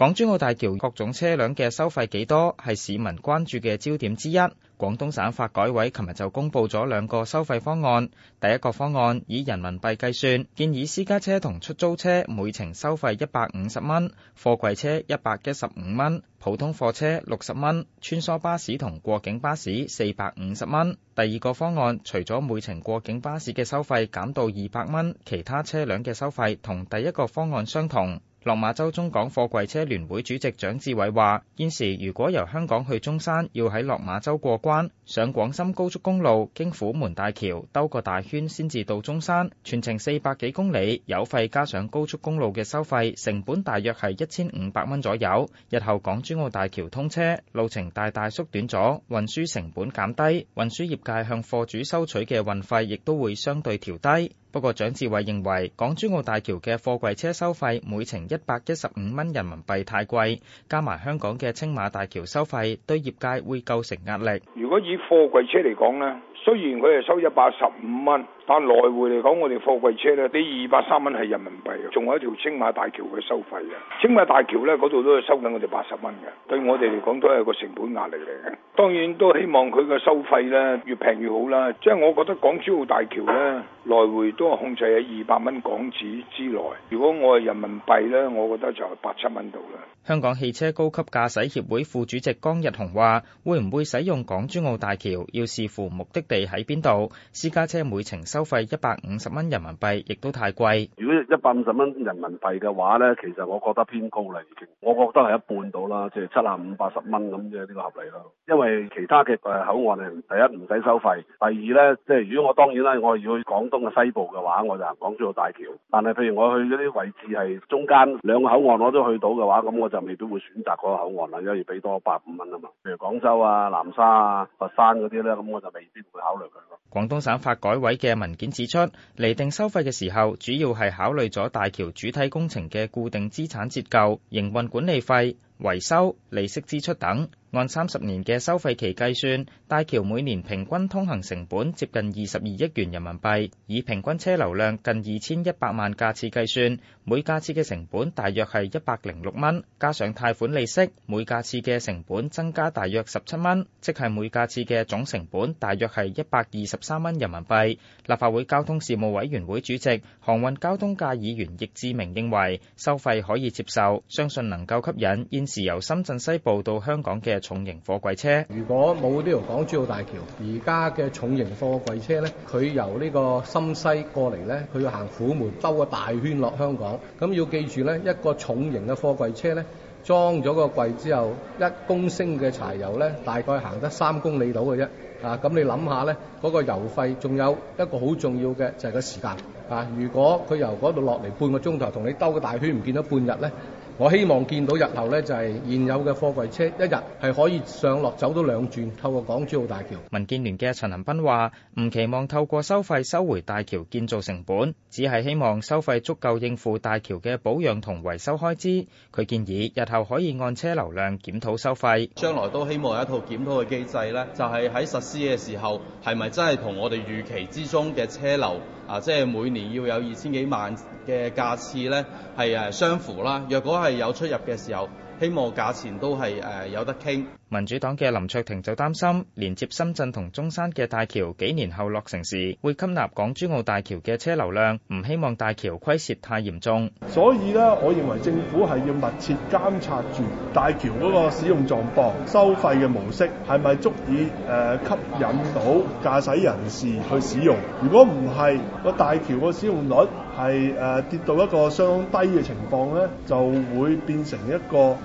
港珠澳大橋各種車輛嘅收費幾多係市民關注嘅焦點之一。廣東省發改委琴日就公布咗兩個收費方案。第一個方案以人民幣計算，建議私家車同出租車每程收費一百五十蚊，貨櫃車一百一十五蚊，普通貨車六十蚊，穿梭巴士同過境巴士四百五十蚊。第二個方案除咗每程過境巴士嘅收費減到二百蚊，其他車輛嘅收費同第一個方案相同。落馬洲中港貨櫃車聯會主席蔣志偉話：現時如果由香港去中山，要喺落馬洲過關，上廣深高速公路，經虎門大橋兜個大圈先至到中山，全程四百幾公里，油費加上高速公路嘅收費，成本大約係一千五百蚊左右。日後港珠澳大橋通車，路程大大縮短咗，運輸成本減低，運輸業界向貨主收取嘅運費亦都會相對調低。不過，蔣志偉認為港珠澳大橋嘅貨櫃車收費每程一百一十五蚊人民幣太貴，加埋香港嘅青馬大橋收費，對業界會構成壓力。如果以貨櫃車嚟講呢。雖然佢係收一百十五蚊，但係來回嚟講，我哋貨櫃車呢，你二百三蚊係人民幣，仲有一條青馬大橋嘅收費啊，青馬大橋呢嗰度都係收緊我哋八十蚊嘅，對我哋嚟講都係個成本壓力嚟嘅。當然都希望佢嘅收費呢越平越好啦，即係我覺得港珠澳大橋呢，來回都係控制喺二百蚊港紙之內。如果我係人民幣呢，我覺得就係八七蚊度啦。香港汽車高級駕駛協會副主席江日雄話，會唔會使用港珠澳大橋，要視乎目的地喺邊度？私家車每程收費一百五十蚊人民幣，亦都太貴。如果一百五十蚊人民幣嘅話咧，其實我覺得偏高啦。已經我覺得係一半到啦，即係七十五、八十蚊咁嘅呢個合理啦。因為其他嘅誒口岸係，第一唔使收費，第二咧，即係如果我當然啦，我要去廣東嘅西部嘅話，我就行港珠澳大橋。但係譬如我去嗰啲位置係中間兩個口岸，我都去到嘅話，咁我就未必會選擇嗰個口岸啦，因為要俾多百五蚊啊嘛。譬如廣州啊、南沙啊、佛山嗰啲咧，咁我就未必會。考慮佢咯。廣東省發改委嘅文件指出，釐定收費嘅時候，主要係考慮咗大橋主體工程嘅固定資產折舊、營運管理費、維修、利息支出等。按三十年嘅收費期計算，大橋每年平均通行成本接近二十二億元人民幣，以平均車流量近二千一百萬架次計算，每架次嘅成本大約係一百零六蚊，加上貸款利息，每架次嘅成本增加大約十七蚊，即係每架次嘅總成本大約係一百二十三蚊人民幣。立法會交通事務委員會主席、航運交通界議員易志明認為收費可以接受，相信能夠吸引現時由深圳西部到香港嘅。重型貨櫃車，如果冇呢條港珠澳大橋，而家嘅重型貨櫃車呢，佢由呢個深西過嚟呢，佢要行虎門兜個大圈落香港。咁要記住呢，一個重型嘅貨櫃車呢，裝咗個櫃之後，一公升嘅柴油呢，大概行得三公里到嘅啫。啊，咁你諗下呢，嗰個油費，仲有一個好重要嘅就係個時間。啊，如果佢由嗰度落嚟半個鐘頭，同你兜個大圈唔見咗半日呢。我希望見到日後呢，就係現有嘅貨櫃車一日係可以上落走到兩轉，透過港珠澳大橋。民建聯嘅陳恒鑌話：唔期望透過收費收回大橋建造成本，只係希望收費足夠應付大橋嘅保養同維修開支。佢建議日後可以按車流量檢討收費。將來都希望有一套檢討嘅機制呢，就係喺實施嘅時候，係咪真係同我哋預期之中嘅車流？啊，即係每年要有二千幾萬嘅架次咧，係誒、啊、相符啦。若果係有出入嘅時候。希望價錢都係誒有得傾。民主黨嘅林卓廷就擔心，連接深圳同中山嘅大橋幾年後落成時，會吸納港珠澳大橋嘅車流量，唔希望大橋虧蝕太嚴重。所以呢，我認為政府係要密切監察住大橋嗰個使用狀況、收費嘅模式，係咪足以誒吸引到駕駛人士去使用？如果唔係，個大橋個使用率。係誒跌到一個相當低嘅情況咧，就會變成一個誒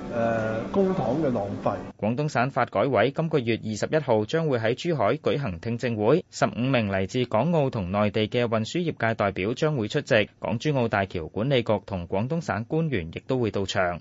公帑嘅浪費。廣東省發改委今個月二十一號將會喺珠海舉行聽證會，十五名嚟自港澳同內地嘅運輸業界代表將會出席，港珠澳大橋管理局同廣東省官員亦都會到場。